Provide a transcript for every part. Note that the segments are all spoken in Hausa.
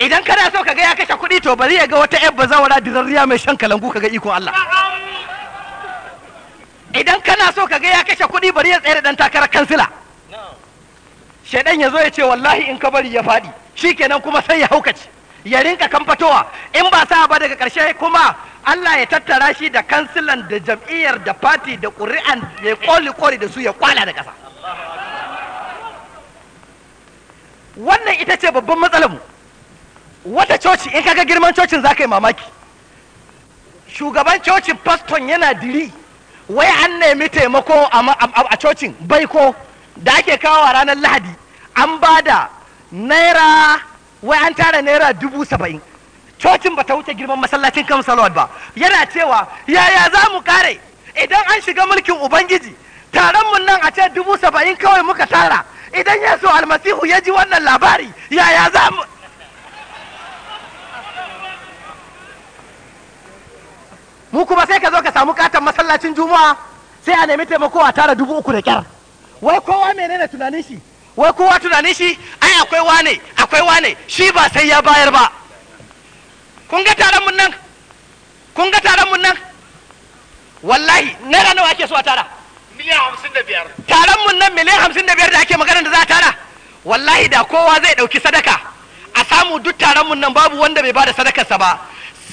idan kana so ka ga ya kashe kuɗi to bari ya ga wata yar bazawara dirarriya mai shan kalangu ga iko Allah idan kana so ka ga ya kashe kuɗi bari ya tsere dan takarar kansila shaidan ya zo ya ce wallahi in ka bari ya faɗi shikenan kuma sai ya haukace ya rinka kamfatowa in ba sa ba daga ƙarshe kuma Allah ya tattara shi da kansilan da jam'iyyar da fati da ƙuri'an ya koli koli da su ya kwala da ƙasa wannan ita ce babban matsalar mu wata coci in kaga girman cocin za ka yi mamaki shugaban cocin faston yana diri wai an nemi taimako a cocin baiko da ake kawo a ranar lahadi an ba da naira wai an tara naira dubu saba'in cocin ba ta wuce girman masallacin kan salawat ba yana cewa yaya za mu kare idan an shiga mulkin ubangiji taron mun nan a ce dubu saba'in kawai muka tara idan ya so almasihu ya ji wannan labari yaya za mu mu kuma sai ka zo ka samu katon masallacin juma'a sai a nemi taimako a tara dubu uku da kyar wai kowa menene tunanin shi wai kowa tunanin shi ai akwai wane akwai wane shi ba sai ya bayar ba kun ga taron mun nan kun ga taron mun nan wallahi naira nawa ake so a tara miliyan hamsin da biyar taron mun nan miliyan hamsin da biyar da ake magana da za a tara wallahi da kowa zai ɗauki sadaka a samu duk taron mun nan babu wanda bai bada sadakarsa ba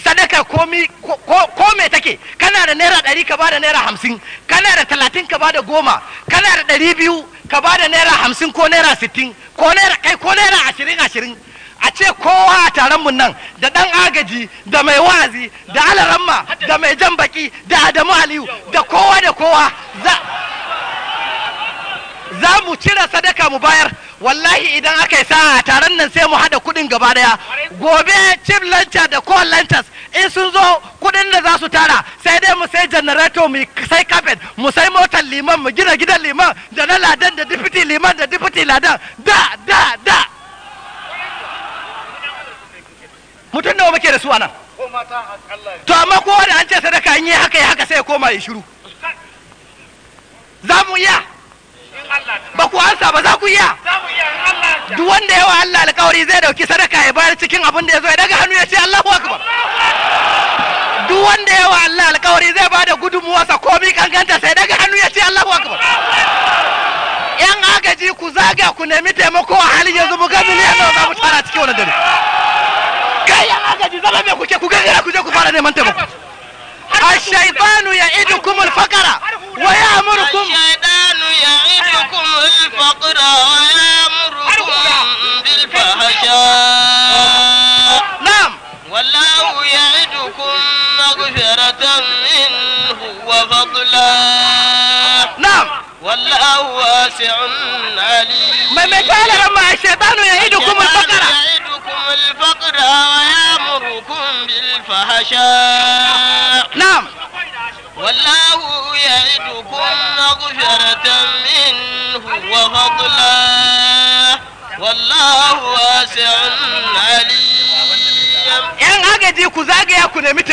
sadaka komi ko me take kana da naira ɗari ka bada naira hamsin kana da talatin ka bada goma kana da ɗari biyu ka bada naira hamsin ko naira sittin ko naira kai ko naira ashirin ashirin a ce kowa a taron mun nan da ɗan agaji da mai wazi da alaramma da mai jan baki da adamu aliyu da kowa da kowa za za mu cire sadaka mu bayar wallahi idan aka yi sa'a taron nan sai mu haɗa kuɗin gaba daya gobe cif lanta da ko lantas in sun zo kuɗin da za su tara sai dai mu sai janareto mu sai kafet mu sai motar liman mu gina gidan liman da na ladan da dipiti liman da dipiti ladan da da da mutum da muke da su anan to amma kowa da an ce sadaka in yi haka ya haka sai ya koma ya shiru za mu iya ba ku ansa ba za ku iya duk wanda yawa Allah alkawari zai dauki sadaka ya bayar cikin abin da ya zo ya daga hannu ya ce Allahu akbar duk wanda yawa Allah alkawari zai bada gudunmuwarsa komi kankanta sai daga hannu ya ce Allahu akbar yan agaji ku zaga ku nemi taimako a halin yanzu mu ga miliyan nawa za mu tara cikin wani dare kai yan agaji zama me kuke ku gangara ku je ku fara neman taimako الشيطان يعدكم الفقر ويأمركم الشيطان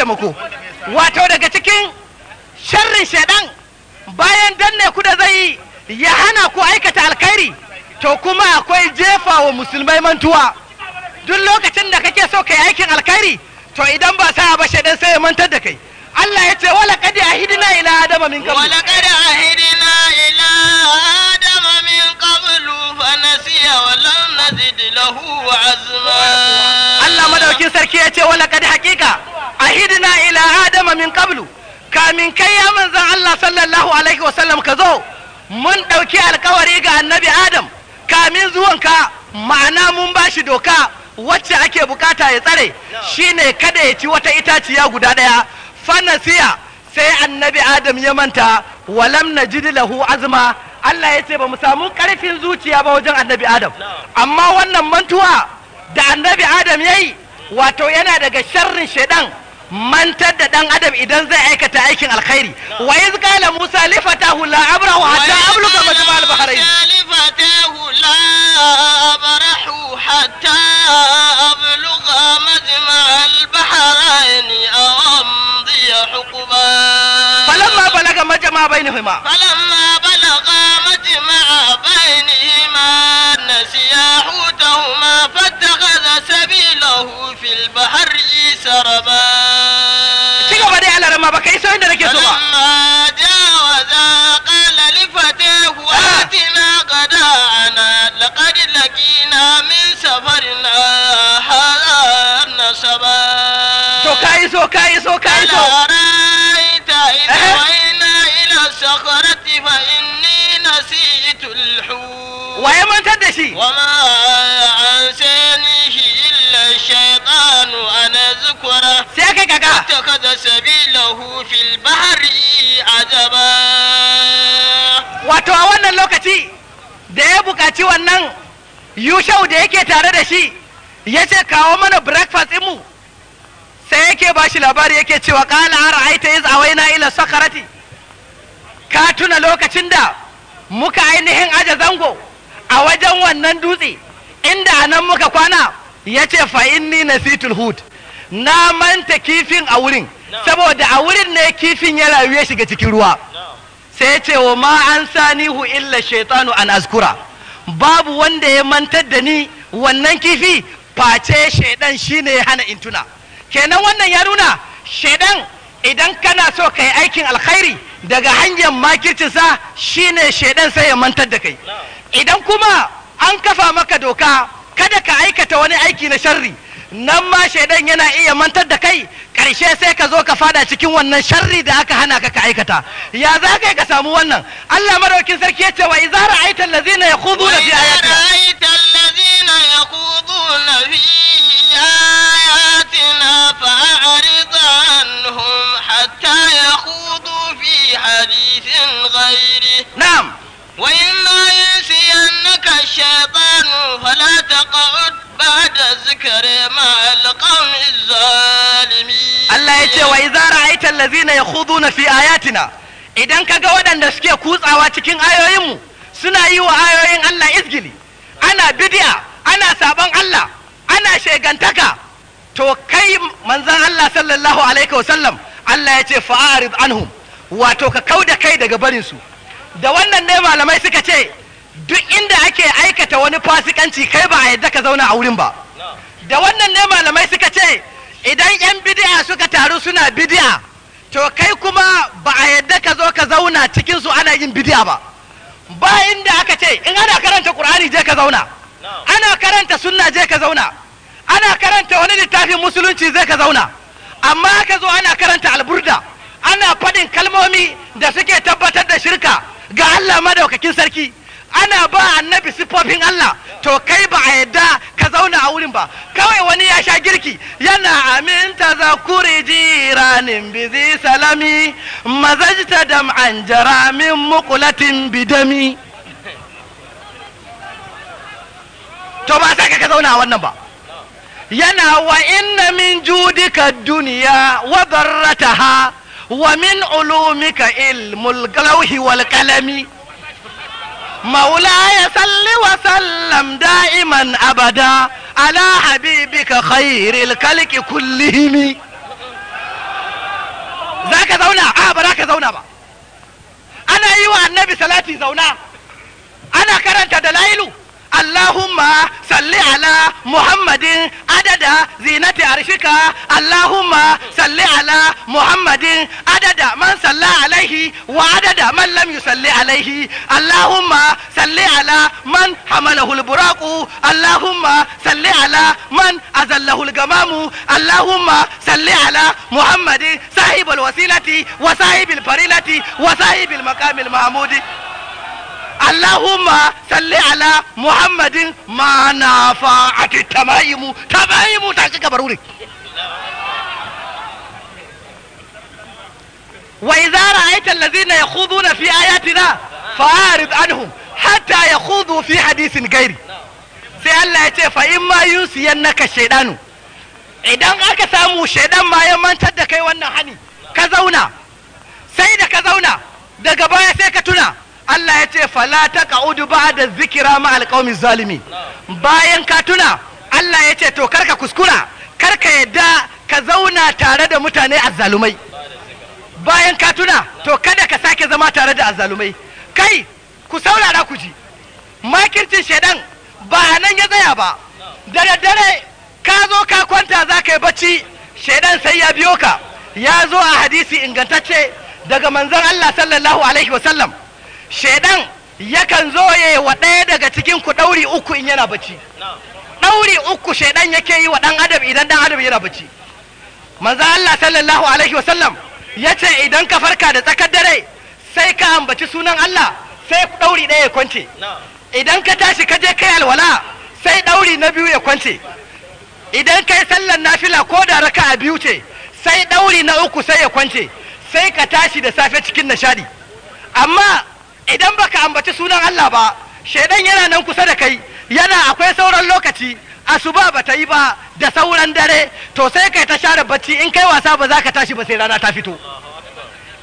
taimako wato daga cikin sharrin shaɗan bayan danne ku da zai ya hana ku aikata alkhairi to kuma akwai jefa wa musulmai mantuwa duk lokacin da kake so ka yi aikin alkhairi to idan ba sa ba shaɗan sai ya mantar da kai Allah ya ce wala kadi hidina ila adama min qablu wala kadi ahidina ila adama min qablu fa nasiya wa lam nazid lahu azma Allah madaukin sarki ya ce wala kadi haqiqa ahidina ila adama min qablu kamin kai ya manzan Allah sallallahu alaihi wasallam ka zo mun ɗauki alkawari ga annabi adam kamin zuwan ka ma'ana mun ba shi doka wacce ake bukata ya tsare shine kada ya ci wata itaciya guda ɗaya fanasiya sai annabi adam ya manta walam najid lahu azma Allah ya ce ba mu samu karfin zuciya ba wajen annabi adam amma wannan mantuwa da annabi adam ya yi, wato yana daga sharrin shaidan mantar da ɗan adam idan zai aikata aikin alkhairi wa iz qala musa li fatahu la abrahu hatta abluga majma al bahrain li fatahu la abrahu hatta abluga majma aw amdi hukuma falamma balaga majma bainahuma falamma استقامت مع بينهما نسيا حوتهما فاتخذ سبيله في البحر سربا لما بكي جاوزا قال لفتاه آه. آتنا قداعنا لقد لقينا من سفرنا هذا نصبا سوكاي سوكاي سوكاي سو قال رأيت إذا أه؟ وإنا إلى الصخرة فإني نسيت الحوت ويا من تدشي وما أنسانيه إلا الشيطان اتخذ سبيله في البحر عجبا wato a wannan lokaci da ya buƙaci wannan yushau da yake tare da shi ya ce kawo mana breakfast mu sai yake ba shi labari yake cewa kala ara aita iz awaina ila sakarati ka tuna lokacin da muka ainihin aje zango a wajen wannan dutse inda nan muka kwana ya ce fa'inni na situl hud na manta kifin a wurin saboda a wurin ne kifin ya rayuwa shiga cikin ruwa sai ya ce wa ma an sanihu illa shaitanu an azkura babu wanda ya mantar da ni wannan kifi face shaidan shine ya hana in tuna kenan wannan ya nuna shaidan idan kana so ka yi aikin alkhairi daga hanyar makircinsa ne shaidan sai ya mantar da kai idan kuma an kafa maka doka kada ka aikata wani aiki na sharri nan ma shaidan yana iya mantar da kai ƙarshe sai ka zo ka fada cikin wannan sharri da aka hana ka ka aikata ya za ka ka samu wannan Allah madaukin sarki ya ce wa izara ra'aita allazina yaquduna fi ayatina ra'aita allazina yaquduna fi آياتنا فأعرض عنهم حتى يخوضوا في حديث غيره نعم وإما ينسينك الشيطان فلا تقعد بعد الذكر مع القوم الظالمين الله يتي وإذا رأيت الذين يخوضون في آياتنا idan ka ga waɗanda suke kutsawa cikin ayoyinmu suna yi wa ayoyin Allah izgili ana bidiya ana sabon Allah ana shegantaka to kai manzan Allah sallallahu alaihi wasallam Allah ya ce fa'arid anhum wato ka kau da kai daga barinsu da wannan ne malamai suka ce duk inda ake aikata wani fasikanci kai ba a yadda ka zauna a wurin ba da wannan ne malamai suka ce idan yan bidi'a suka taru suna bidi'a to kai kuma ba a yadda ka zo ka zauna cikin su ana yin bidi'a ba ba inda aka ce in ana karanta qur'ani je ka zauna ana karanta sunna je ka zauna ana karanta wani littafin musulunci zai ka zauna amma ka zo ana karanta alburda ana faɗin kalmomi da suke tabbatar da shirka ga Allah madaukakin sarki ana ba annabi siffofin Allah to kai ba a yadda ka zauna a wurin ba kawai wani ya sha girki yana aminta za kuri jiranin bizi salami mazajta da an jara mukulatin bidami to ba sa ka zauna a wannan ba yana wa inna min judika duniya wa barrata wa min ulumika ilmul galauhi wal kalami maula ya salli wa sallam da'iman abada ala habibika khairil kalki kullihimi zaka zauna a ba zaka zauna ba ana yi wa annabi salati zauna ana karanta dalailu Allahumma salli ala Muhammadin adada zinati arshika Allahumma salli ala Muhammadin adada man salla alaihi wa adada man lam yusalli alaihi Allahumma salli ala man hamalahu buraqu Allahumma salli ala man azallahu gamamu Allahumma salli ala Muhammadin sahibul wasilati wa sahibil farilati wa sahibi maqamil mahmudi Allahumma salli ala Muhammadin ma na fa'ati tamayimu tamayimu ta cika baruri wa idza ra'aita allazina yakhuduna fi ayatina fa'arid anhum hatta yakhudu fi hadisin gairi sai Allah ya ce fa in ma yusiyannaka shaydanu idan aka samu shaidan ma mantar da kai wannan hani ka zauna sai da ka zauna Da daga baya sai ka tuna Allah ya ce fala ta kaudu ba da zikira ma alqaumi zalimi bayan ka Allah ya ce to karka kuskura karka yadda ka zauna tare da mutane azzalumai bayan katuna to kada ka sake zama tare da azzalumai kai ku saurara ku ji makircin shaidan ba nan ya zaya ba dare dare ka zo ka kwanta za ka yi bacci shaidan sai ya biyo ka ya zo a hadisi ingantacce daga manzon Allah sallallahu alaihi wasallam shaidan yakan zo ya yi wa ɗaya daga cikin ku ɗauri uku in yana bacci ɗauri uku shaidan yake yi wa ɗan adam idan ɗan adam yana bacci manzo Allah sallallahu alaihi wasallam ya ce idan ka farka da tsakar dare sai ka ambaci sunan Allah sai ɗauri ɗaya ya kwance idan ka tashi ka je kai alwala sai ɗauri na biyu ya kwance idan kai sallar nafila ko da raka a biyu ce sai ɗauri na uku sai ya kwance sai ka tashi da safe cikin nishadi amma idan baka ambaci sunan Allah ba shaidan yana nan kusa da kai yana akwai sauran lokaci asuba ba ta yi ba da sauran dare to sai kai ta share bacci in kai wasa ba za ka tashi ba sai rana ta fito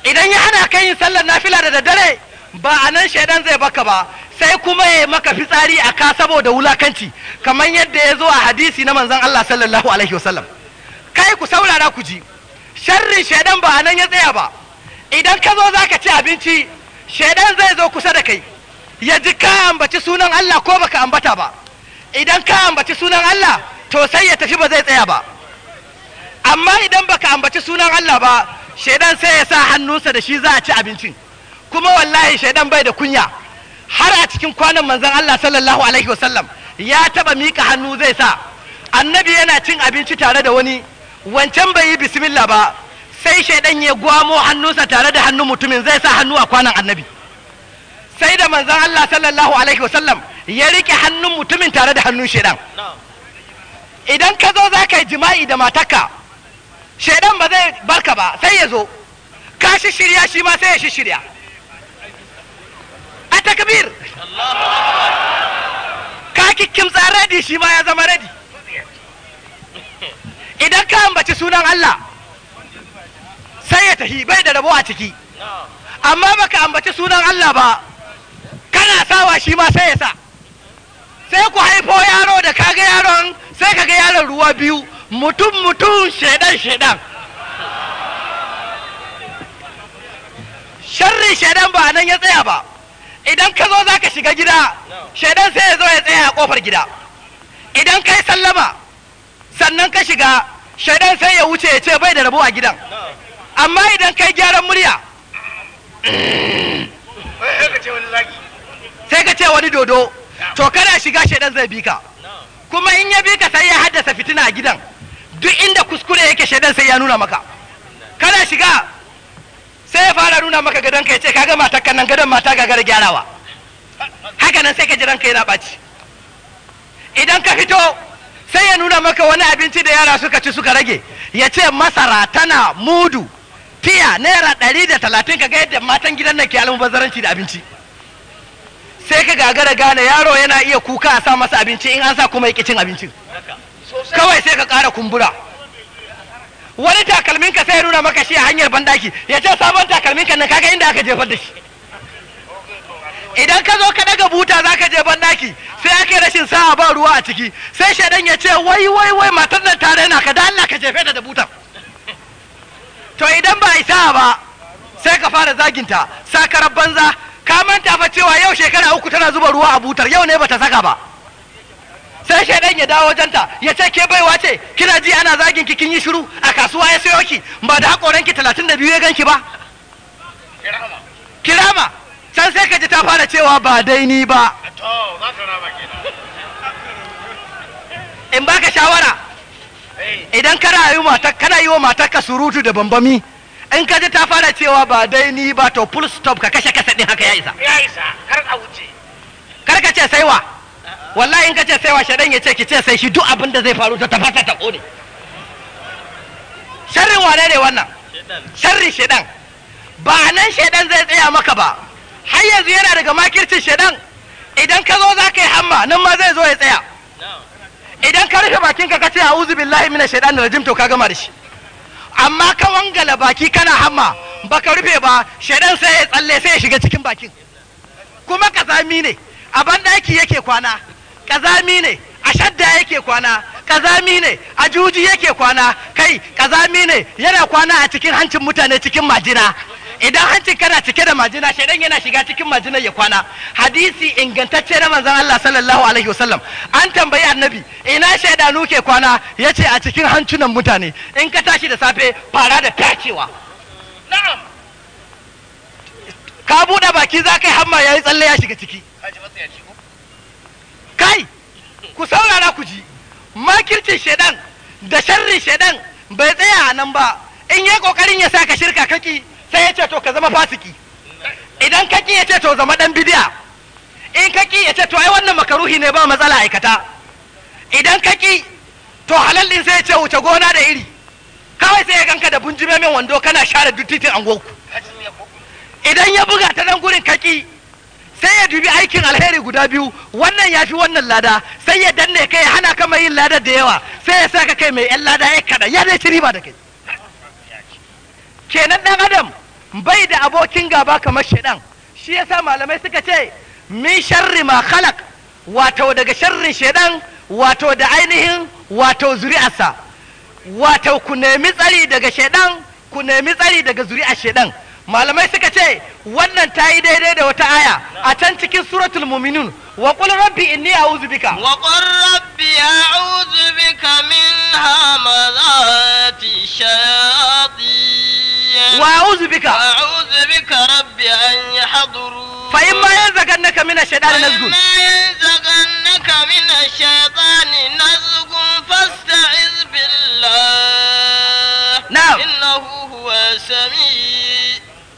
idan ya hana kai yin sallar nafila da daddare ba a nan shaidan zai baka ba sai kuma ya maka fitsari a ka saboda wulakanci kamar yadda ya zo a hadisi na manzon Allah sallallahu alaihi wasallam kai ku saurara ku ji sharrin shaidan ba a nan ya tsaya ba idan ka zo za ka ci abinci shaidan zai zo kusa da kai ya ji ka ambaci sunan Allah ko baka ambata ba idan ka ambaci sunan Allah to sai ya tafi ba zai tsaya ba amma idan baka ambaci sunan Allah ba shaidan sai ya sa hannunsa da shi za a ci abincin kuma wallahi shaidan bai da kunya har a cikin kwanan manzon Allah sallallahu alaihi wasallam ya taba mika hannu zai sa annabi yana cin abinci tare da wani wancan bai yi bismillah ba sai shaidan ya gwamo hannunsa tare da hannun mutumin zai sa hannu a kwanan annabi sai da manzan Allah sallallahu alaihi wasallam ya rike hannun mutumin tare da hannun shaidan idan ka zo za ka yi jima'i da mataka shaidan ba zai barka ba sai ya zo ka shi shirya shi ma sai ya shi shirya a takbir ka kikkimtsa radi shi ma ya zama radi idan ka ambaci sunan Allah sai ya tafi bai da rabo a ciki amma baka ambaci sunan Allah ba kana sawa shi ma sai ya sa sai ku haifo yaro da kaga yaron sai kaga yaron ruwa biyu mutum mutum shedan shedan sharri shedan ba nan ya tsaya ba idan ka zo za ka shiga gida shedan sai ya zo ya tsaya a kofar gida idan kai sallama sannan ka shiga shedan sai ya wuce ya ce bai da rabo a gidan amma idan kai gyaran murya sai ka ce wani dodo to kana shiga shaidan zai bi kuma in ya bi ka sai ya haddasa fitina a gidan duk inda kuskure yake shaidan sai ya nuna maka kana shiga sai ya fara nuna maka gadon ka ya ce kaga matar nan gadon mata gagara gyarawa haka nan sai ka ji ka yana baci idan ka fito sai ya nuna maka wani abinci da yara suka ci suka rage ya ce masara tana mudu fiya naira ɗari da talatin ka ga yadda matan gidan nan ke bazaranci da abinci sai ka gagara gane yaro yana iya kuka a sa masa abinci in an sa kuma ya cin abincin kawai sai ka ƙara kumbura wani takalmin ka sai ya nuna maka shi a hanyar banɗaki, ya ce sabon takalmin ka nan kaga inda aka jefar da shi idan ka zo ka daga buta za ka je bandaki sai ake rashin sa'a ba ruwa a ciki sai shaidan ya ce wai wai wai matar nan tare na ka da Allah ka jefe ta da butan to idan ba a isa ba sai ka fara zaginta sakarar banza ka manta fa cewa yau shekara uku tana zuba ruwa a butar yau ne bata saka ba sai shaidan ya dawo wajenta ya ce ke baiwa ce kina ji ana zagin ki kin yi shiru a kasuwa ya sayo ki ba da hakoran ki 32 ya ganki ba kirama san sai ka ji ta fara cewa ba dai ni ba in baka shawara idan kana yi matar kana yi wa matarka surutu da bambami in ka ji ta fara cewa ba dai ni ba to full stop ka kashe kasa din haka ya isa ya isa kar a wuce kar ka ce saiwa wallahi in ka ce saiwa shadan ya ce ki ce sai shi duk abin da zai faru ta tafasa ta kone sharrin wane ne wannan sharrin shedan ba nan shedan zai tsaya maka ba har yanzu yana daga makircin shedan idan ka zo za ka yi hamma nan ma zai zo ya tsaya idan ka rufe bakin ka kace a'udhu billahi minash shaitanir rajim to ka gama da shi amma ka wangala baki kana hamma ba ka rufe ba shaitan sai ya tsalle sai ya shiga cikin bakin kuma kazami ne a yake yake kwana kazami ne a shadda yake kwana kazami ne a juji yake kwana kai kazami ne yana kwana a cikin hancin mutane cikin majina idan hancin kana cike da majina shaidan yana shiga cikin majinar ya kwana hadisi ingantacce na manzon Allah sallallahu alaihi wasallam an tambayi annabi ina shaidanu ke kwana yace a cikin hancunan mutane in ka tashi da safe fara da tacewa na'am ka buɗe baki za kai yi hamma yayi tsalle ya shiga ciki kai ku saurara ku ji makircin shaidan da sharrin shaidan bai tsaya a nan ba in yi kokarin ya sa ka shirka kaki sai ya ce to ka zama fasiki idan ka ki ya ce to zama dan bidiya in ka ki ya ce to ai wannan makaruhi ne ba matsala aikata idan ka ki to halal din sai ya ce wuce gona da iri kawai sai ya ganka da bunjime min wando kana share dutitin titin idan ya buga ta nan gurin kaki sai ya dubi aikin alheri guda biyu wannan ya fi wannan lada sai ya danne kai hana ka kama yin lada da yawa sai ya sa ka kai mai yan lada ya kada ya zai ci riba da kai kenan dan adam bai da abokin gaba kamar shaidan shi yasa malamai suka ce min sharri ma khalaq wato daga sharrin shaidan wato da ainihin wato zuri'arsa wato ku nemi tsari daga shaidan ku nemi tsari daga zuri'ar shaidan malamai suka ce wannan ta yi daidai da wata aya a can cikin suratul muminun wa qul rabbi inni a'udhu bika wa qul rabbi a'udhu عليك من همذات الشياطين وأعوذ بك وأعوذ بك ربي أن يحضروا فإما ينزغنك من الشيطان نزغ فإما ينزغنك من الشيطان نزغ فاستعذ بالله نعم إنه هو السميع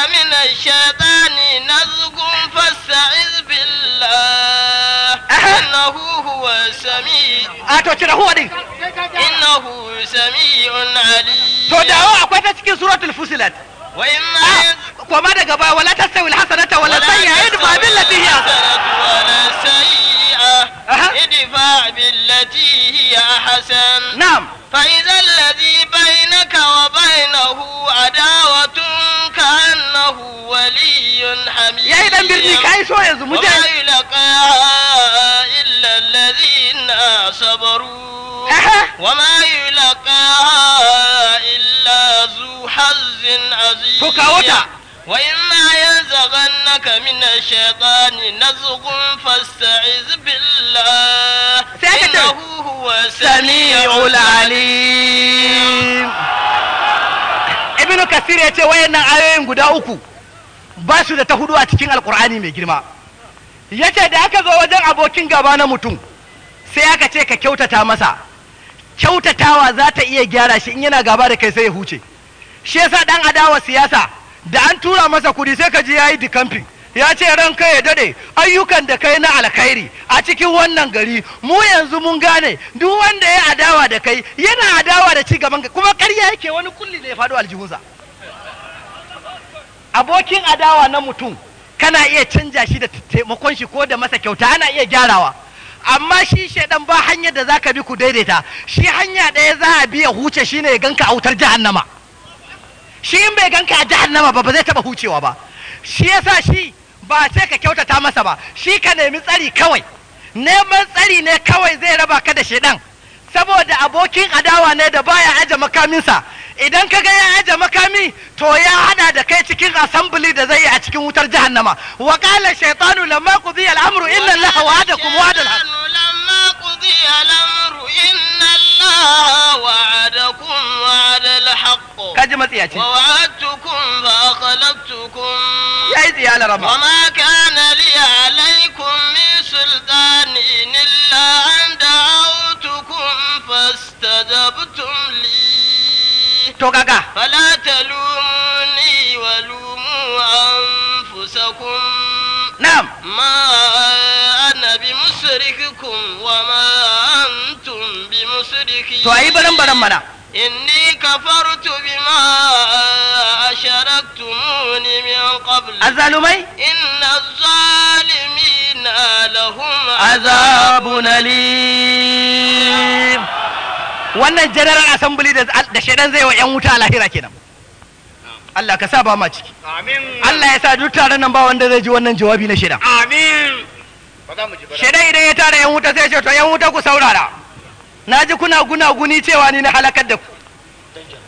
من الشيطان نزغ فاستعذ بالله إنه هو السميع أتوكره هو دي إنه سميع عليم تدعوا أقوات تسكين سورة الفصلات وإما آه. وما دقبا ولا تستوي الحسنة ولا سيئة إدفع بالتي هي ولا سيئة ادفع بالتي هي أحسن نعم فإذا الذي بينك وبينه عداوة كأنه ولي حميد يا إذا برني كاي سوى وما يلقاها إلا الذين صبروا وما يلقاها إلا ذو حظ عزيز وإما ينزغنك من الشيطان نزغ فاستعذ بالله إنه هو سميع العليم Ibn Kasir ya ce wayannan ayoyin guda uku ba su da ta hudu a cikin Alkur'ani mai girma. Ya da aka zo wajen abokin gaba na mutum sai aka ce ka kyautata masa. Kyautatawa za ta iya gyara shi in yana gaba da kai sai ya huce. Shi yasa dan adawa siyasa da an tura masa kuɗi sai ka ji ya yi dikamfin ya ce ran kai ya dade ayyukan da kai na alkhairi a cikin wannan gari mu yanzu mun gane duk wanda ya adawa da kai yana adawa da ci gaban kuma ƙarya yake wani kulli da ya faɗo aljihunsa abokin adawa na mutum kana iya canja shi da taimakon shi ko da masa kyauta ana iya gyarawa amma shi shaidan ba hanyar da zaka bi ku daidaita shi hanya ɗaya za a bi ya huce shine ya ganka a wutar jahannama shi in bai ganka a jahannama ba ba zai taba hucewa ba shi yasa shi ba ce ka kyautata masa ba shi ka nemi tsari kawai neman tsari ne kawai zai raba ka da shedan saboda abokin adawa ne da baya aje makaminsa idan ka ga ya aje makami to ya hada da kai cikin assembly da zai yi a cikin wutar jahannama wa qala shaytanu lamma qudiya al-amru illa Allah wa'adakum wa'adal haqq الله وعدكم وعد الحق ووعدتكم فأخلفتكم وما كان لي عليكم من سلطان إلا أن دعوتكم فاستجبتم لي فلا تلوموني ولوموا أنفسكم نعم ما أنا بمصرخكم وما أنتم To bi yi to ayi baran baran mana inni kafartu bima asharaktumuni min qabl azalumai inna zalimina lahum azabun alim wannan general assembly da da shedan zai wa yan wuta lahira kenan Allah ka sa ba ma ciki Allah ya sa duk taron nan ba wanda zai ji wannan jawabi na shedan amin shedan idan ya tara yan wuta sai ya ce to yan wuta ku saurara na ji kuna gunaguni cewa ni na halakar da ku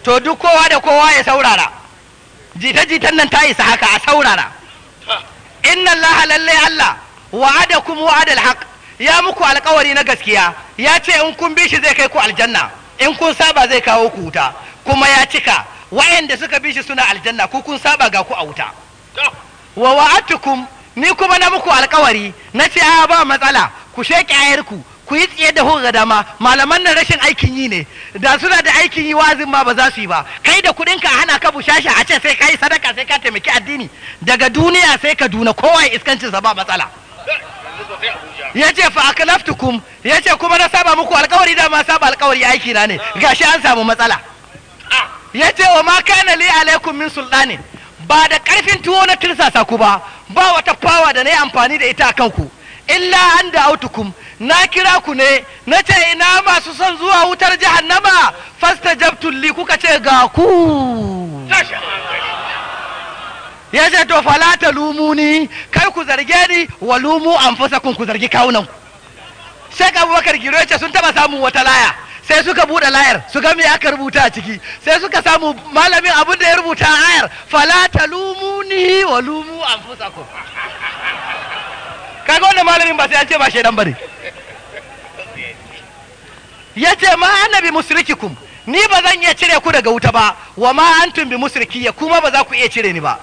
to duk kowa da kowa ya saurara jita-jitan nan ta isa haka a saurara inna allaha lallai allah wa'adakum wa'adal alhaq ya muku alkawari na gaskiya ya ce in kun bi shi zai kai ku aljanna in kun saba zai kawo ku wuta kuma ya cika wa'anda suka bi shi suna aljanna ku kun saba ga ku a wuta wa wa'atukum ni kuma na muku alkawari na ce a ba matsala ku sheƙi ayarku ku yi tsaye da hurra dama malaman nan rashin aikin yi ne da suna da aikin yi wazin ma ba za su yi ba kai da kuɗin ka hana ka bushasha a ce sai ka yi sadaka sai ka taimaki addini daga duniya sai ka duna kowa ya iskancin sa ba matsala ya ce fa aklaftukum ya ce kuma na saba muku alkawari dama saba alkawari aiki na ne gashi an samu matsala ya ce wa ma kana li alaikum min sultani ba da karfin tuwo na tirsasa ku ba ba wata fawa da na yi amfani da ita a kanku illa an da autukum na kira ku ne na ce ina masu son zuwa wutar jahannama fasta jabtulli kuka ce ga ku ya ce to fala ta ni, kai ku zarge ni wa lumu an fasa kun ku zargi kawunan sai abubakar giro ce sun taba samun wata laya sai suka buɗe layar su ga aka rubuta a ciki sai suka samu malamin abin da ya rubuta a ayar fala ta ni wa lumu an fasa kun kaga wannan malamin ba sai an ce ba shaidan bane ce ma annabi musrikikum ni ba zan iya cire ku daga wuta ba wa ma antum bi musrikiya kuma ba za ku iya cire ni ba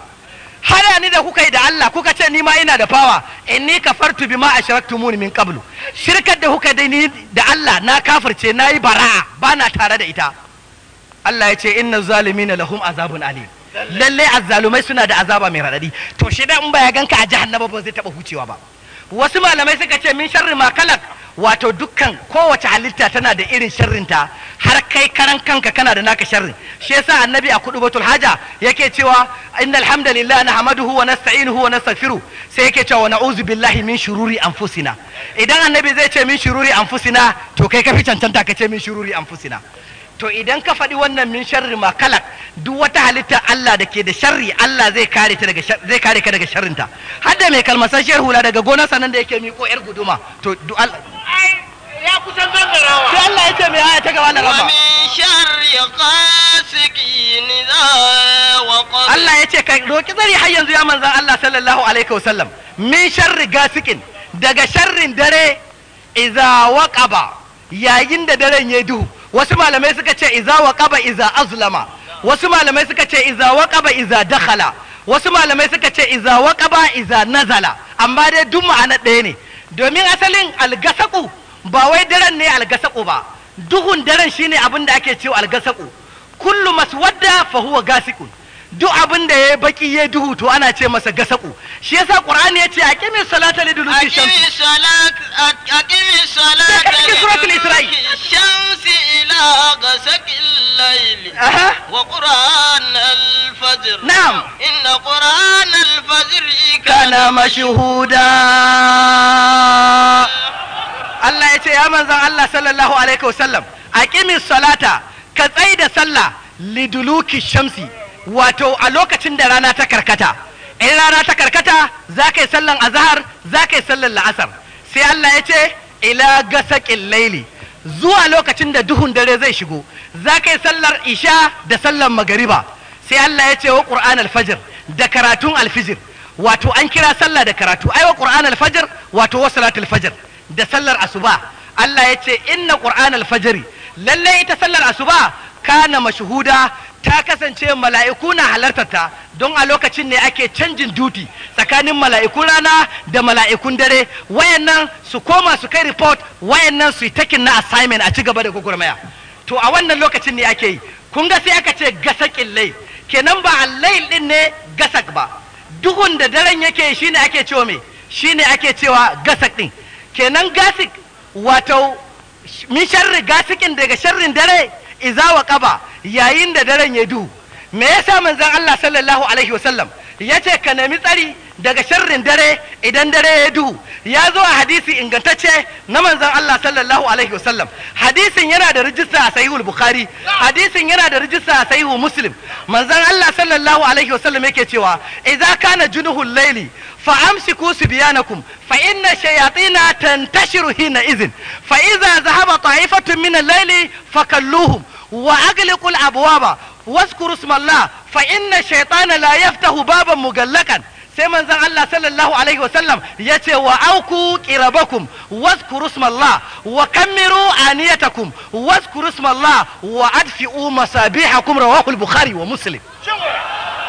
har ni da kuka yi da Allah kuka ce ni ma ina da fawa in inni kafartu ma ashraktumuni min qablu shirkar da kuka dai da Allah na kafirce nayi bara'a bana tare da ita Allah ya ce inna zalimina lahum azabun alim lalle azzalumai suna da azaba mai radadi to shi da in ba ya ganka a jahannama ba zai taba hucewa ba wasu malamai suka ce min sharri ma kalak wato dukkan kowace halitta tana da irin sharrinta har kai karan kanka kana da naka sharrin shi yasa annabi a kudubatul haja yake cewa inna alhamdulillah nahmaduhu wa nasta'inuhu wa nastaghfiruh sai yake cewa na'udzu billahi min shururi anfusina idan annabi zai ce min shururi anfusina to kai ka fi cancanta ka ce min shururi anfusina to idan ka faɗi wannan min sharri ma kalak duk wata halitta Allah da ke da sharri Allah zai kare ta daga zai kare ka daga sharrinta har da mai kalmasan shehu hula daga gonar sanan da yake miƙo yar guduma to duk Allah ya kusan gangarawa sai Allah ya ce mai aya ta gaba da rama min sharri qasikin wa Allah ya ce kai roki zari har yanzu ya manzan Allah sallallahu alaihi wasallam min sharri gasikin daga sharrin dare idza waqaba yayin da daren ya duhu wasu malamai suka ce iza kaba iza azlama wasu malamai suka ce iza kaba iza dakhala wasu malamai suka ce iza kaba iza nazala amma dai duk ma'ana ɗaya ne domin asalin algasaku ba wai daren ne algasaku ba duhun daren shine abin da ake cewa algasaku kullu maswadda fa huwa gasiku duk abin da ya baki ya duhu to ana ce masa gasaku shi yasa qur'ani yace aqimi salata li duluki shamsi aqimi salata aqimi salata li suratul isra'i shamsi ila ghasaqil layli wa qur'an al-fajr na'am inna qur'an al-fajr kana mashhuda Allah yace ya manzon Allah sallallahu alaihi wasallam aqimi salata ka tsaida sallah liduluki shamsi wato a lokacin da rana ta karkata in rana ta karkata za ka yi sallan azahar za ka yi sallan la'asar sai Allah ya ce ila gasaƙin laili zuwa lokacin da duhun dare zai shigo za ka yi sallar isha da sallar magariba sai Allah ya ce wa ƙur'an alfajir da karatun alfijir wato an kira sallah da karatu ai wa ƙur'an alfajir wato wa salatul fajr da sallar asuba Allah ya ce inna ƙur'an alfajiri lallai ita sallar asuba kana mashuhuda ta kasance mala'iku na halartarta don a lokacin ne ake canjin duti tsakanin mala'ikun rana da mala'ikun dare wayannan su koma su kai report wayannan su yi takin na assignment a ci gaba da gugurmaya to a wannan lokacin ne ake yi kun ga sai aka ce gasa lai, kenan ba allail din ne gasak ba duhun da daren yake shine ake cewa me shine ake cewa gasak din kenan gasik wato min sharri gasikin daga sharrin dare iza wa yayin da daren ya duhu me yasa manzon Allah sallallahu alaihi wasallam yace ka nemi tsari daga sharrin dare idan dare ya duhu ya zo a hadisi ingantacce na manzon Allah sallallahu alaihi wasallam hadisin yana da rijista a sahihul bukhari hadisin yana da rijista a sahihul muslim manzon Allah sallallahu alaihi wasallam yake cewa idza kana junuhul layli fa amsiku sibyanakum fa inna shayatina tantashiru hina idhin fa idza zahaba ta'ifatun min al-layli fakalluhum wa aghliqu abwaba واذكروا اسم الله فإن الشيطان لا يفتح بابا مغلقا sai manzan Allah sallallahu alaihi wasallam ya ce wa auku qirabakum wazkuru smallah wa kammiru aniyatakum wazkuru smallah wa adfi'u masabihakum rawahu al-bukhari wa muslim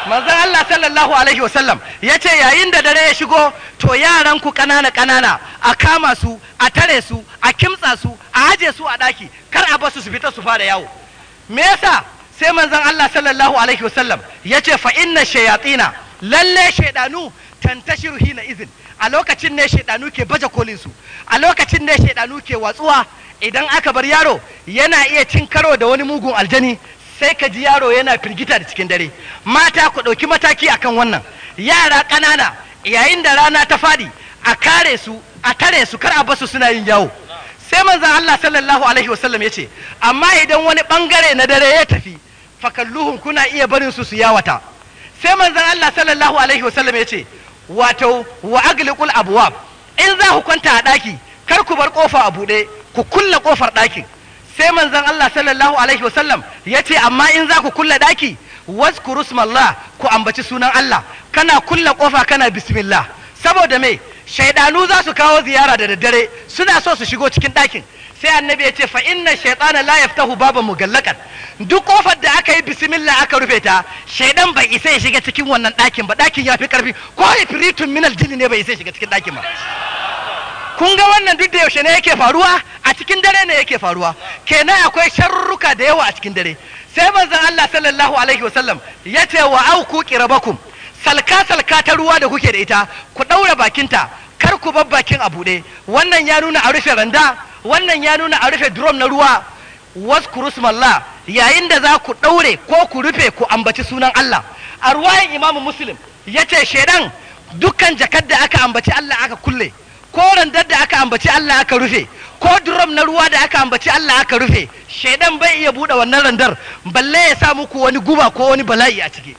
manzon Allah sallallahu alaihi wasallam ya ce yayin da dare ya shigo to yaran ku kanana kanana a kama su a tare su a kimtsa su a aje su a daki kar a basu su fita su fara yawo me yasa sai manzan Allah sallallahu alaihi wasallam ya ce fa inna shayatina lalle shaidanu tantashiru hina izin a lokacin ne shaidanu ke baje kolin su a lokacin ne shaidanu ke watsuwa idan aka bar yaro yana iya cin karo da wani mugun aljani sai ka ji yaro yana firgita da cikin dare mata ku ɗauki mataki akan wannan yara ƙanana yayin da rana ta faɗi a kare su a tare su kar a basu suna yin yawo sai manzan Allah sallallahu alaihi wasallam ya ce amma idan wani ɓangare na dare ya tafi fakalluhun kuna iya barin su su yawata sai manzan Allah sallallahu alaihi wasallam ya ce wato wa aglikul abwab in za ku kwanta a daki kar ku bar kofa a bude ku kulle kofar dakin sai manzan Allah sallallahu alaihi wasallam ya ce amma in za ku kulle daki waskuru smallah ku ambaci sunan Allah kana kulle kofa kana bismillah saboda me shaidanu za su kawo ziyara da daddare suna so su shigo cikin dakin sai annabi ya ce fa inna shaytana la yaftahu baban mugallakan duk kofar da aka yi bismillah aka rufe ta shaidan bai isa ya shiga cikin wannan ɗakin ba ɗakin ya fi ƙarfi ko ifritun minal jini ne bai isa ya shiga cikin ɗakin ba kun ga wannan duk da yaushe ne yake faruwa a cikin dare ne yake faruwa kenan akwai sharruka da yawa a cikin dare sai manzon Allah sallallahu alaihi wasallam ya ce wa auku qirabakum salka salka ta ruwa da kuke da ita ku daura bakinta kar ku bar bakin a buɗe wannan ya nuna a rufe randa wannan ya nuna a rufe drum na ruwa waskuru kurusmalla yayin da za ku ɗaure ko ku rufe ku ambaci sunan Allah a ruwayin imamu muslim ya ce shaidan dukkan jakar da aka ambaci Allah aka kulle ko randar da aka ambaci Allah aka rufe ko drum na ruwa da aka ambaci Allah aka rufe shaidan bai iya buɗe wannan randar balle ya sa muku wani guba ko wani bala'i a ciki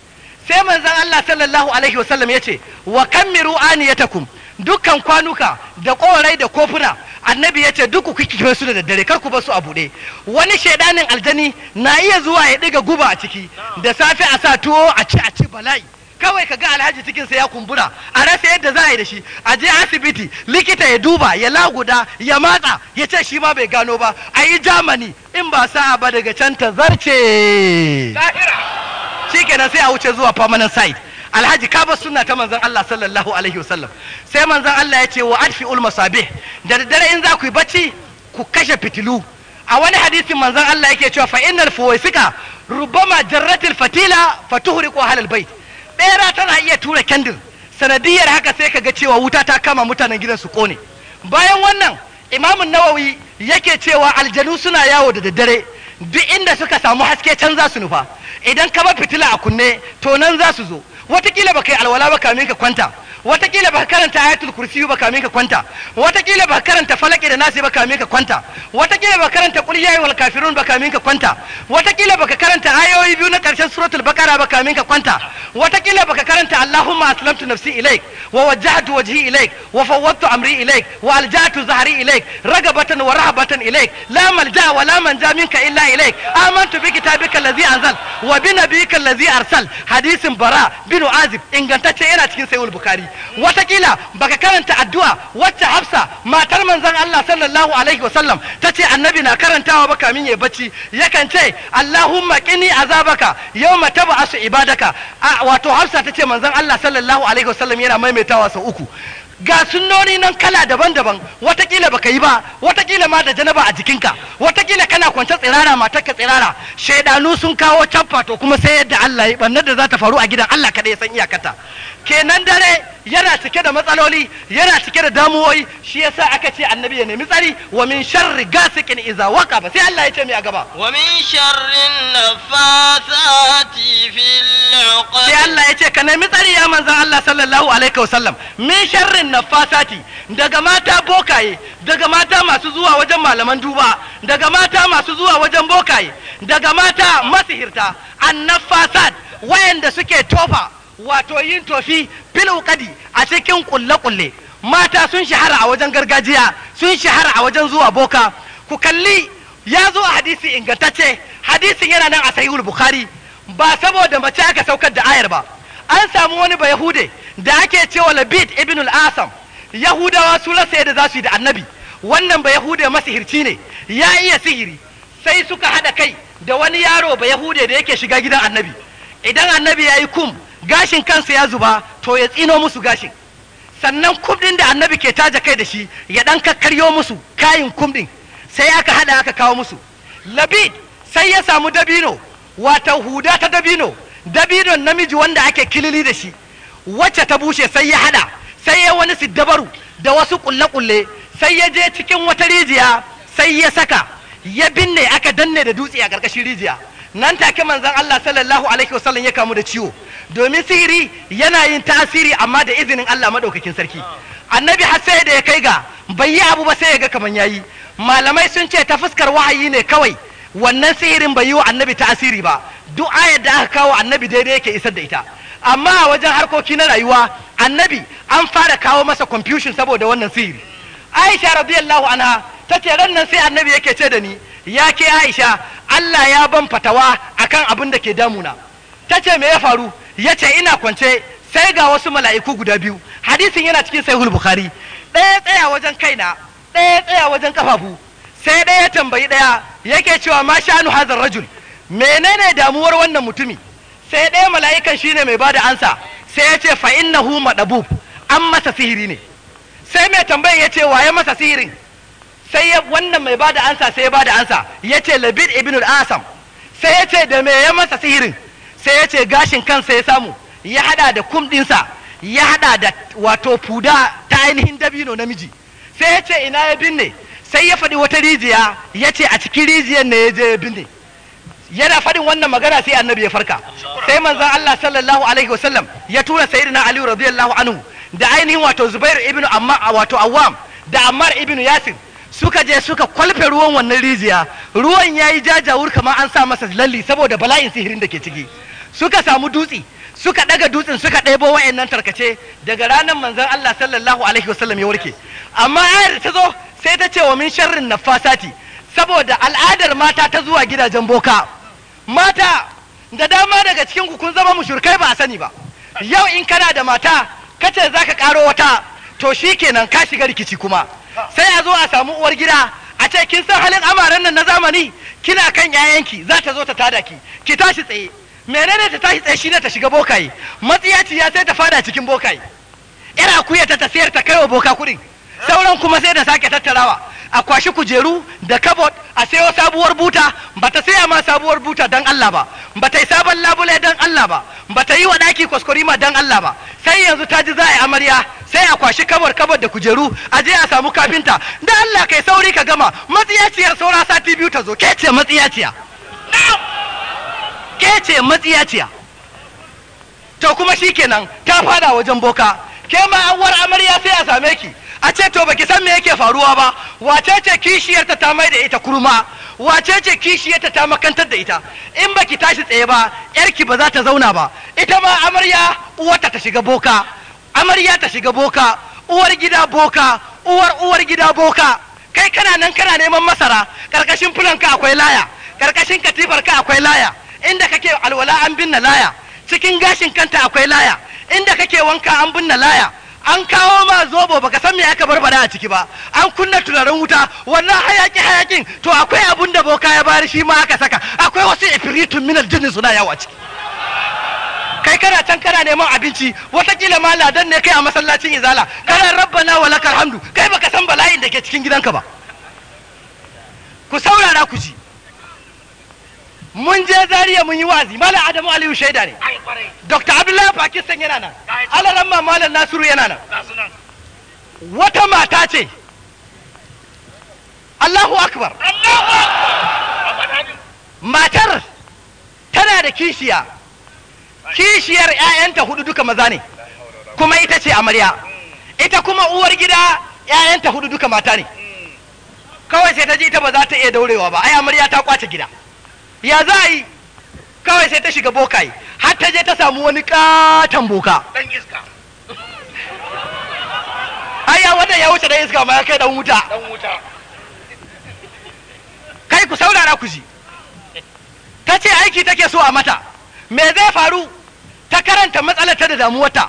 sai manzon Allah sallallahu alaihi wasallam ya ce wa kammiru aniyatakum dukkan kwanuka da korai da kofuna annabi ya ce duk ku kike su da daddare kar ku basu a buɗe wani shaidanin aljani na iya zuwa ya ɗiga guba a ciki da safe a sa tuwo a ci a ci bala'i kawai ka ga alhaji cikinsa ya kumbura a rasa yadda za a yi da shi a je asibiti likita ya duba ya laguda ya matsa ya ce shi ma bai gano ba a yi jamani in ba sa'a ba daga can ta zarce kenan sai a wuce zuwa permanent site alhaji ka bar sunna ta manzon Allah sallallahu alaihi wasallam sai manzon Allah ya ce wa adfi'ul masabih da daddare in za ku yi bacci ku kashe fitilu a wani hadisin manzon Allah yake cewa fa innal fuwaisika rubbama jarratil fatila fatuhriqu halal bait bera tana iya tura kendir sanadiyar haka sai ka ga cewa wuta ta kama mutanen gidan su kone bayan wannan imamun nawawi yake cewa aljanu suna yawo da daddare duk inda suka samu haske can za su nufa idan ka bar fitila a kunne to nan za su zo watakila baka yi alwala ba kamin ka kwanta watakila baka karanta ayatul kursi ba kamin ka kwanta watakila baka karanta falaki da nasi ba kamin ka kwanta watakila baka karanta qul ya ayyuhal kafirun ba kamin ka kwanta watakila baka karanta ayoyi biyu na karshen suratul baqara ba kamin ka kwanta watakila baka karanta allahumma aslamtu nafsi ilaik wa wajjahtu wajhi ilaik wa fawwadtu amri ilaik wa alja'tu zahri ilaik ragabatan wa rahabatan ilaik la malja wa la manja minka illa ilaik amantu bi kitabika allazi anzal wa bi nabiyyika allazi arsal hadisin bara bi ibnu azib ingantacce yana cikin sayyid bukari watakila baka karanta addu'a wacce hafsa matar manzon Allah sallallahu alaihi wasallam tace annabi na karantawa ba kamin ya bacci yakan ce allahumma qini azabaka yawma asu ibadaka wato hafsa tace manzon Allah sallallahu alaihi wasallam yana maimaitawa sau uku ga sunnoni nan kala daban-daban watakila baka yi ba watakila ma da janaba a jikinka watakila kana kwance tsirara matarka tsirara shaidanu sun kawo canfa, to kuma sai yadda Allah ya bannar da za ta faru a gidan Allah kaɗai ya san iyakata kenan dare yana cike da matsaloli yana cike da damuwoyi shi yasa aka ce annabi ya nemi tsari wa min sharri gasikin iza waka ba sai Allah ya ce mai a gaba wa min nafasati fil uqad sai Allah ya ce ka nemi tsari ya manzon Allah sallallahu alaihi wasallam min nafasati daga mata bokaye daga mata masu zuwa wajen malaman duba daga mata masu zuwa wajen bokaye daga mata masihirta annafasat wayanda suke tofa wato yin tofi filau kadi a cikin kulle-kulle mata sun shahara a wajen gargajiya sun shahara a wajen zuwa boka ku kalli ya zo a hadisi ingantacce hadisin yana nan a sahihul bukhari ba saboda mace aka saukar da ayar ba an samu wani ba yahude da ake cewa labid ibn al-asam yahudawa su rasa yadda za su yi da annabi wannan ba yahude masihirci ne ya iya sihiri sai suka haɗa kai da wani yaro ba yahude da yake shiga gidan annabi idan annabi ya yi kum gashin kansu ya zuba to ya tsino musu gashin sannan kumɗin da annabi ke taja kai da shi ya ɗan kakkaryo musu kayin kumɗin sai aka haɗa aka kawo musu labid sai ya samu dabino wata huda ta dabino dabino namiji wanda ake kilili da shi wacce ta bushe sai ya haɗa sai ya wani siddabaru da wasu ƙulle-ƙulle sai ya je cikin wata rijiya sai ya saka ya binne aka danne da dutse a ƙarƙashin rijiya nan take manzon Allah sallallahu alaihi wasallam ya kamu da ciwo domin sihiri yana yin tasiri amma da izinin Allah madaukakin sarki annabi har sai da ya kai ga bai yi abu ba sai ya ga kaman yayi malamai sun ce ta fuskar wahayi ne kawai wannan sihirin bai yi wa annabi tasiri ba duk ayar da aka kawo annabi daidai yake isar da ita amma a wajen harkoki na rayuwa annabi an fara kawo masa confusion saboda wannan sihiri aisha radiyallahu anha tace ce ran nan sai annabi yake ce da ni ya ke aisha allah ya ban fatawa akan abin da ke damuna ta ce me ya faru ya ce ina kwance sai ga wasu mala'iku guda biyu hadisin yana cikin sahihul bukhari ɗaya tsaya wajen kaina ɗaya tsaya wajen kafafu sai ɗaya ya tambayi ɗaya yake cewa ma sha'anu hazar rajul menene damuwar wannan mutumi sai ɗaya mala'ikan shine mai bada ansa sai ya ce fa innahu madabub an masa sihiri ne sai mai tambayin ya ce waye masa sihirin sai wannan mai bada ansa sai ya bada ansa ya ce labid ibn al-asam sai ya ce da me ya masa sihirin sai ya ce gashin kansa ya samu ya hada da kum ɗinsa ya hada da wato fuda ta ainihin dabino namiji sai ya ce ina ya binne sai ya faɗi wata rijiya ya ce a cikin rijiyar ne ya je ya binne yana faɗin wannan magana sai annabi ya farka sai manzon Allah sallallahu alaihi wasallam ya tura sayyidina Ali radiyallahu anhu da ainihin wato Zubair ibn Amma wato awam da Ammar ibn Yasir suka je suka kwalfe ruwan wannan rijiya ruwan yayi jajawur kamar an sa masa lalli saboda bala'in sihirin da ke ciki suka samu dutse suka daga dutsen suka ɗebo wa'annan tarkace daga ranar manzon Allah sallallahu alaihi wasallam ya warke amma ayar ta zo sai ta ce wa min sharrin nafasati saboda al'adar mata ta zuwa gidajen boka mata da dama daga cikin ku kun zama mushrikai ba a sani ba yau in kana da mata kace ka karo wata to shi kenan ka shiga rikici kuma sai a zo a samu uwar gida a ce kin san halin amaren nan na zamani kina kan yayanki za ta zo ta tada ki ki tashi tsaye menene ta tashi tsaye shine ta shiga bokaye matsiyaciya sai ta fada cikin bokaye yar akuya ta ta sayar ta wa boka kuɗin sauran kuma sai da sake tattarawa a kwashi kujeru da kabot a sayo sabuwar buta ba ta saya ma sabuwar buta dan Allah ba ba ta yi sabon labule dan Allah ba ba ta yi wa ɗaki ma dan Allah ba sai yanzu ta ji za a yi amarya sai a kwashi kabar kabar da kujeru a je a samu kafinta dan Allah kai sauri ka gama matsiyaciyar saura sati biyu ta zo ke ce matsiyaciya ke ce matsiyaciya to kuma shi kenan ta fada wajen boka ke ma anwar amarya sai a same ki a ce to baki san me yake faruwa ba wace ce kishiyarta ta mai da ita kurma wace ce kishiyarta ta makantar da ita in baki tashi tsaye ba yarki ba za ta zauna ba ita ma amarya uwarta ta shiga boka amarya ta shiga boka uwar gida boka uwar uwar gida boka kai kana nan kana neman masara karkashin fulanka akwai laya karkashin katifarka akwai laya inda kake alwala an binne laya cikin gashin kanta akwai laya inda kake wanka an binne laya an kawo ma zobo baka san me aka barbara a ciki ba an kunna turaren wuta wannan hayaki hayakin to akwai abun da boka ya bari shi ma aka saka akwai wasu ifiritun minal jinni suna yawa ciki kai kana can kana neman abinci watakila ma ladan ne kai a masallacin izala kana rabbana wa lakal hamdu kai baka san bala'in da ke cikin gidanka ba ku saurara ku ji mun je zariya mun yi wazi malam adamu aliyu shaida ne dr abdullahi pakistan yana nan ma malam nasiru yana nan wata mata ce allahu akbar matar tana da kishiya kishiyar 'ya'yanta hudu duka maza ne kuma ita ce amarya mm. ita kuma uwar gida 'ya'yanta hudu duka mata ne mm. kawai sai ta ji ita ba za ta iya daurewa ba ai amarya ta kwace gida ya za a yi kawai sai ta shiga bokai har ta je ta samu wani katon boka dan iska ayya wannan ya wuce dan iska ma ya kai dan wuta dan kai ku saurara ku ji ta ce aiki take so a mata me zai faru ta karanta matsalar ta da damuwata.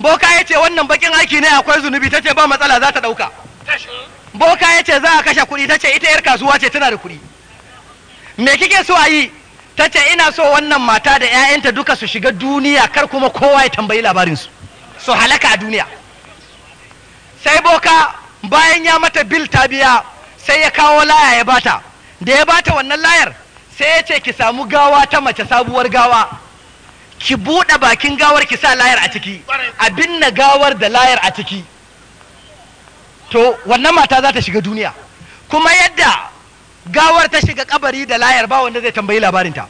boka ya ce wannan bakin aiki ne akwai zunubi ta ce ba matsala za ta ɗauka boka ya ce za a kashe kuɗi ta ce ita yar kasuwa ce tana da kuɗi me kike so a yi ta ce ina so wannan mata da 'ya'yanta duka su shiga duniya kar kuma kowa ya tambayi labarinsu su halaka a duniya sai boka bayan ya mata bil ta biya sai ya kawo laya ya bata da ya bata wannan layar sai ya ce ki samu gawa ta mace sabuwar gawa ki buɗe bakin gawar ki sa layar a ciki a binne gawar da layar a ciki to wannan mata za ta shiga duniya kuma yadda gawar ta shiga kabari da layar ba wanda zai tambayi labarinta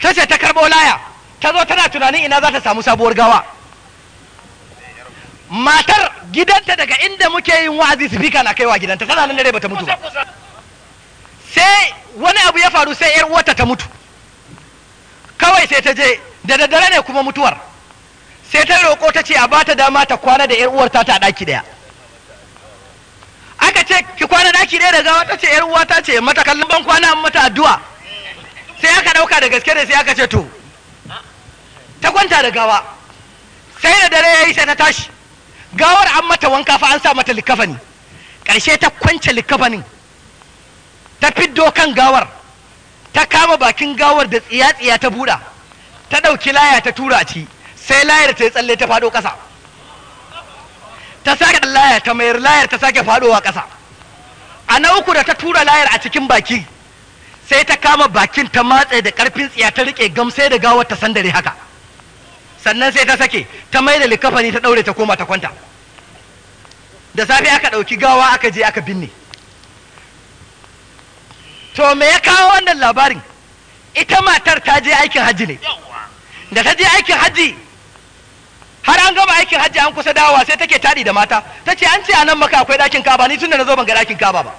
ta ce ta karbo laya ta zo tana tunanin ina za ta samu sabuwar gawa matar gidanta daga inda muke yin wa'azi su sifika na kaiwa gidanta tana nan dare bata mutu ba sai wani abu ya faru sai yar wata ta mutu kawai sai ta je da daddare ne kuma mutuwar sai ta roƙo ta ce a bata dama ta kwana da yar uwarta ta ɗaki daya aka ce ki kwana daki ɗaya da gawa ta ce yar uwa ta ce mata kallon ban kwana mata addu'a sai aka ɗauka da gaske ne sai aka ce to ta kwanta da gawa sai da dare ya yi sai ta tashi gawar an mata wanka fa an sa mata likafani ƙarshe ta kwance likafanin ta fiddo kan gawar ta kama bakin gawar da tsiya-tsiya ta buɗa ta ɗauki laya ta tura ci sai layar ta yi tsalle ta faɗo ƙasa ta sake layar ta mayar layar ta sake faɗowa ƙasa a na uku da ta tura layar a cikin baki sai ta kama bakin ta matse da ƙarfin tsiya ta riƙe gamsai da gawar ta sandare haka sannan sai ta sake ta mai da likafani ta ɗaure ta koma ta kwanta da safe aka ɗauki gawa aka je aka binne to me ya kawo wannan labarin ita matar ta je aikin hajji ne da ta je aikin hajji har an gama aikin hajji an kusa dawowa sai take tadi da mata ta ce an ce a nan maka akwai ɗakin kaba ni tun da na zo ban ga ɗakin kaba ba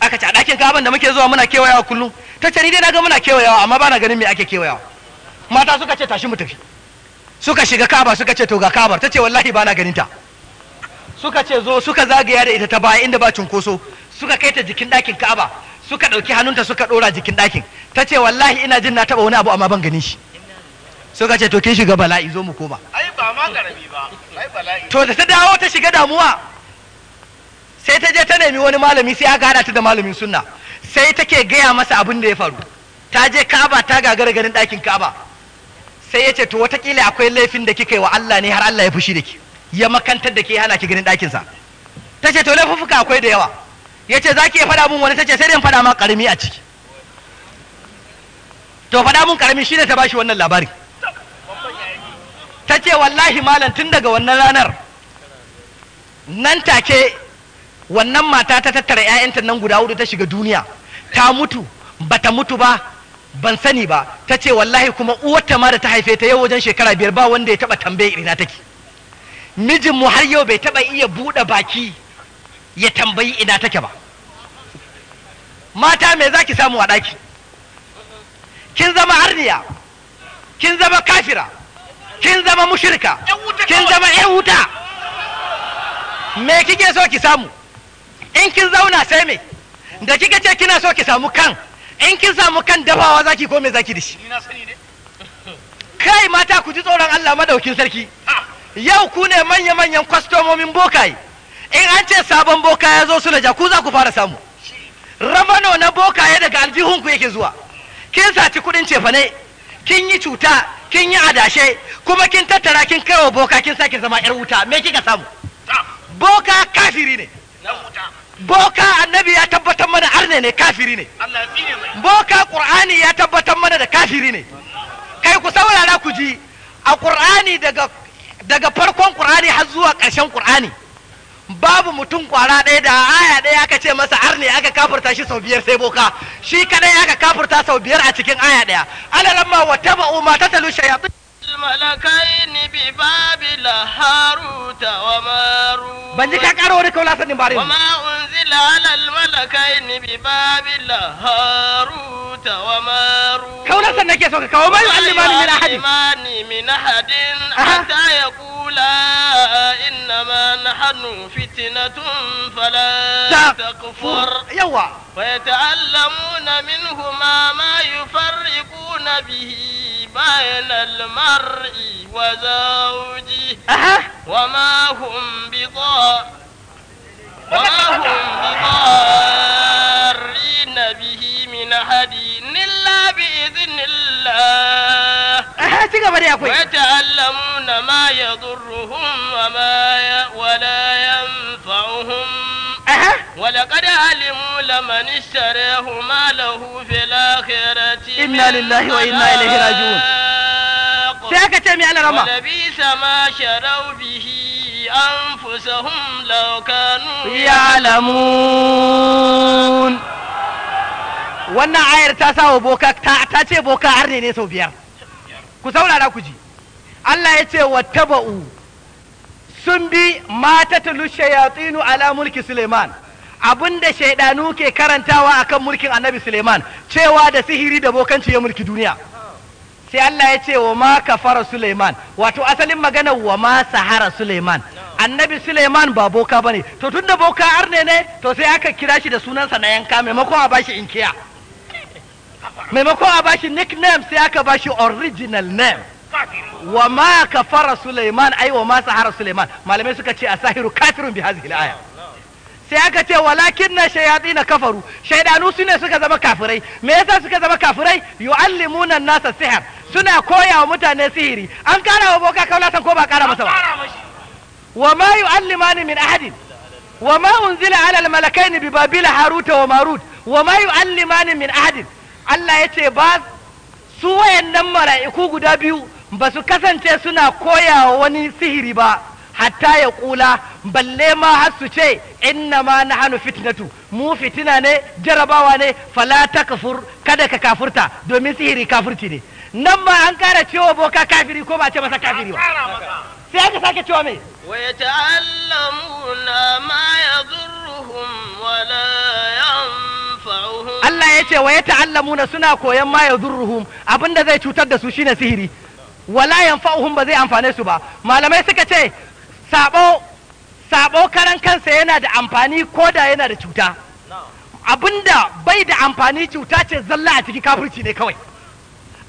aka ce a ɗakin kaban da muke zuwa muna kewayawa kullum ta ce ni dai na ga muna kewayawa amma ba na ganin me ake kewayawa mata suka ce tashi mu tafi suka shiga kaba suka ce to ga kabar ta ce wallahi ba na ganin ta suka ce zo suka zagaya da ita ta baya inda ba cunkoso suka kai ta jikin ɗakin kaba suka ɗauki hannunta suka ɗora jikin ɗakin ta ce wallahi ina jin na taɓa wani abu amma ban ganin shi ka ce to kin shiga bala'i zo mu koma ai ba ma karami ba ai bala'i to da ta dawo ta shiga damuwa sai ta je ta nemi wani malami sai aka hada ta da malamin sunna sai take gaya masa abin da ya faru ta je kaba ta gagara ganin ɗakin kaba sai ya ce to watakila akwai laifin da kika yi wa Allah ne har Allah ya fushi da ki ya makantar da ke hana ki ganin ɗakinsa ta ce to laifuffuka akwai da yawa ya ce za ki iya faɗa mun wani ta ce sai dai faɗa ma ƙarami a ciki to faɗa mun ƙarami shine ta bashi wannan labarin ta ce wallahi malam tun daga wannan ranar nan take wannan mata ta tattara 'ya'yanta nan guda hudu ta shiga duniya ta mutu ba ta mutu ba ban sani ba ta ce wallahi kuma uwarta ma da ta haife ta yau wajen shekara biyar ba wanda ya taba tambaye irina take mijin mu har yau bai taba iya buɗe baki ya tambayi ina take ba mata me zaki samu a ɗaki kin zama arniya kin zama kafira kin zama mushirka kin zama yan wuta me kike so ki samu in kin zauna sai me da kika ce kina so ki samu kan in kin samu kan dabawa zaki ko me zaki da shi kai mata ku ji tsoron Allah madaukin sarki ah. yau ku ne manya-manyan kwastomomin bokaye in an ce sabon boka ya zo sulaja ku za ku fara samu ramano na bokaye daga aljihun aljihunku yake zuwa kin saci kudin cefane kin yi cuta kin yi adashe kuma kin tattara kin kai wa boka kin sake zama yar wuta me kika samu boka kafiri ne boka annabi ya tabbatar mana arne ne kafiri ne boka qur'ani ya tabbatar mana da kafiri ne kai ku saurara ku ji a qur'ani daga daga farkon qur'ani har zuwa ƙarshen qur'ani babu mutum kwara ɗaya da aya ɗaya aka ce masa ne aka kafurta shi sau biyar sai boka shi kaɗai aka kafurta sau biyar a cikin aya ɗaya alalamma wa taba'u ma talu الملكين ببابل هاروت وماروت بنجيكا كارو ريكو لا سنين بارين وما أنزل على الملكين ببابل هاروت وماروت كولا سنك يا سوكا وما يعلمان من أحد يعلمان من أحد حتى يقولا إنما نحن فتنة فلا تكفر يوا ويتعلمون منهما ما يفرقون به بين المرء وزوجه وما هم بضاء وما هم بضارين به من أحد إلا بإذن الله ويتعلمون ما يضرهم وما ولا ينفعهم ولقد علموا لمن اشتريه ما له في الآخرة إنا لله وإنا إليه راجعون سيكا تيمي على رمى ولبيس ما شروا به أنفسهم لو كانوا يعلمون wannan ayar ta sawa boka ta ce boka har ne sau biyar ku saurara ku ji Allah ya ce wa taba'u sun bi mata shayatsinu ala mulki Suleiman da shaidanu ke karantawa akan mulkin annabi Suleiman cewa da sihiri da bokanci ya mulki duniya sai Allah ya ce wa ma kafara Suleiman wato asalin magana wa ma sahara Suleiman annabi Suleiman ba boka bane to tun da boka arne ne to sai aka kira shi da sunansa na yanka maimakon a bashi inkiya maimakon a bashi nickname sai aka bashi original name wa ma kafara Sulaiman ai wa ma sahara Suleiman malamai suka ce asahiru kafirin bi hadhihi aya sai aka ce walakin na shayatsi na kafaru shaidanu su ne suka zama kafirai me yasa suka zama kafirai yu'allimuna nasa sihir suna koya wa mutane sihiri an kara wa boka kaulatan ko ba kara masa ba wa ma yu'allimani min ahadin wa ma unzila ala al bi babila haruta wa marut wa ma yu'allimani min ahadin Allah yace ba su wayannan mala'iku guda biyu ba su kasance suna koya wani sihiri ba hatta ya kula balle ma har su ce inna ma na hannu fitnatu mu fitina ne jarabawa ne fala ta kafur kada ka kafurta domin sihiri kafurci ne nan ma an kara cewa boka kafiri ko ba ce masa kafiri ba sai aka sake cewa me wa yata'allamuna ma yadurruhum wala yanfa'uhum Allah ya ce wa allamuna suna koyan ma yadurruhum abinda zai cutar da su shine sihiri wala fa'uhun ba zai amfane su ba malamai suka ce sabo sabo karan kansa yana da amfani ko da yana da cuta abinda bai da amfani cuta ce zalla a ciki kafirci ne kawai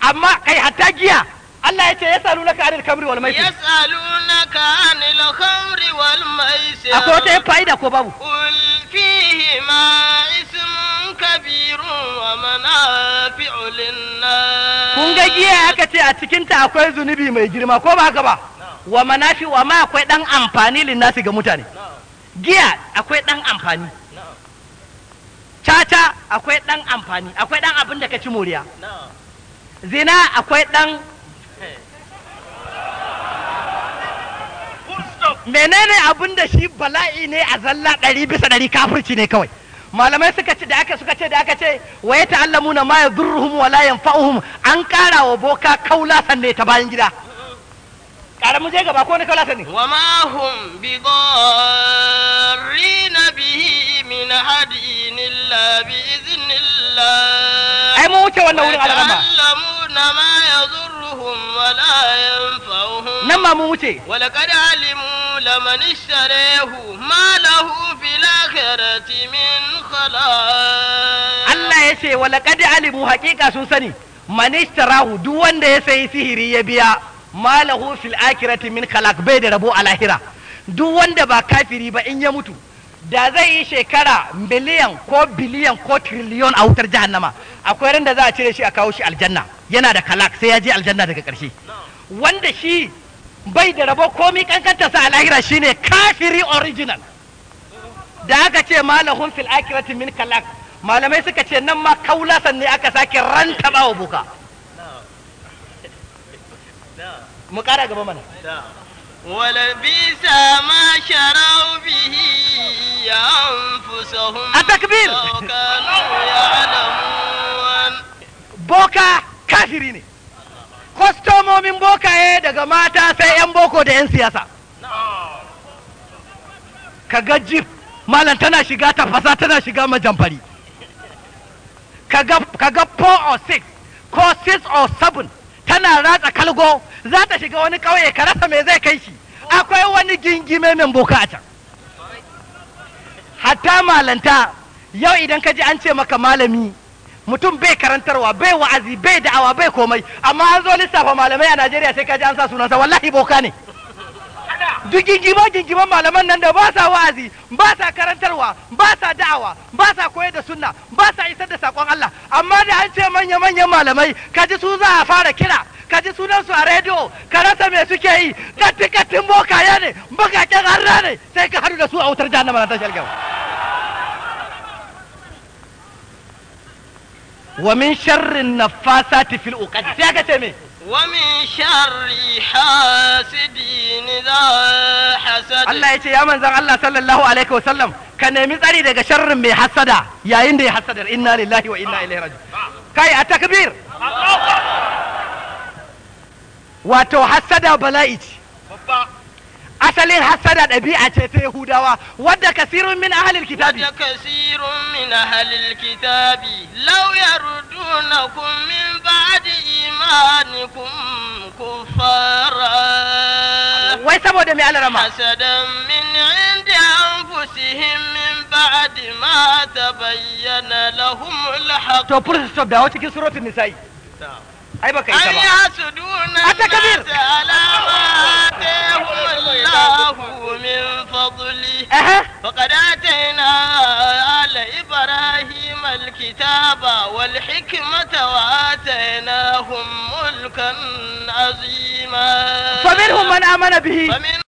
amma kai hatta giya Allah ya salu yasalunaka anil kamri wal maisir yasalunaka anil kamri wal maisir akwai wata fa'ida ko babu qul fihi ma ismun kabiru wa manafi'u linnas kun ga giya aka ce a cikin ta akwai zunubi mai girma ko ba gaba? Wa wa fi wa ma akwai dan amfani linnasi ga mutane giya akwai dan amfani caca akwai dan amfani akwai dan abin da ka ci moriya zina akwai dan menene abin da shi bala'i ne a zalla ɗari bisa ɗari kafirci ne kawai malamai suka ce da aka suka ce da aka ce wa ya ta'allamuna ma ya wa la yanfa'uhum an ƙara wa boka kaula sanne ta bayan gida kare mu je gaba ko na kalata ne wa ma hum bi dharrina bihi min hadin illa bi iznillah ai mu wuce wannan wurin alama ya'lamuna ma yadhurruhum wa la yanfa'uhum nan ma mu wuce wa laqad alimu laman ishtarahu ma lahu fil akhirati min khalaq Allah yace wa laqad alimu haqiqa sun sani man ishtarahu duk wanda ya sayi sihiri ya biya malahu fil akirati min kalak bai da rabo a lahira duk wanda ba kafiri ba in ya mutu da zai yi shekara miliyan ko biliyan ko triliyon a wutar jahannama akwai ran da za a cire shi a kawo shi aljanna yana da kalak sai ya je aljanna daga ƙarshe wanda shi bai da rabo komi kankanta sa a lahira shine kafiri original da aka ce malahun fil akirati min kalak malamai suka ce nan ma kaulasan ne aka sake ranta wa buka mu kara gaba mana walabisa ma sharau bihi ya التكبير لو كانوا يعلمون بوكا كافرين kwastomomin bokaye daga mata sai 'yan boko da 'yan siyasa ka ga jif malam tana shiga tafasa tana shiga majamfari ka ga 4 or 6 ko 6 or 7 tana ratsa kalgo za ta shiga wani ƙauye ka rasa me zai kai shi akwai wani gingime mai boka a can hatta malanta yau idan ka ji an ce maka malami mutum bai karantarwa bai wa'azi bai da'awa bai komai amma an zo lissafa malamai a najeriya sai ka ji an sa sunansa wallahi boka ne duk gingima malaman nan da ba sa wa'azi ba sa karantarwa ba sa da'awa ba sa koyar da sunna ba sa isar da sakon Allah amma da an ce manya manyan malamai kaji su za a fara kira kaji sunan su a rediyo ka rasa me suke yi katti boka bokaye ne bakaken harra ne sai ka haɗu da su a wutar jahannama na tashar gaba wa min sharrin nafasati fil uqad sai ka ce me ومن شر حاسد إذا حسد الله ya يا من الله صلى الله عليه وسلم ka nemi tsari daga sharrin mai hasada yayin da ya hasadar inna lillahi wa inna ilaihi raji kai a takbir wato hasada bala'i asalin hasada ɗabi'a ce ta Yahudawa wadda kasirun min ahalil kitabi wadda kasirun min ahalil kitabi law yarudunakum min ba'di imanikum kuffara wai saboda me alarama hasadan min indi anfusihim min ba'di ma tabayyana lahum alhaq to put stop da cikin suratul nisa'i ai baka yi ta ba ayasuduna atakabir الله من فضله فقد آتينا آل إبراهيم الكتاب والحكمة وآتيناهم ملكا عظيما فمنهم من آمن به فمن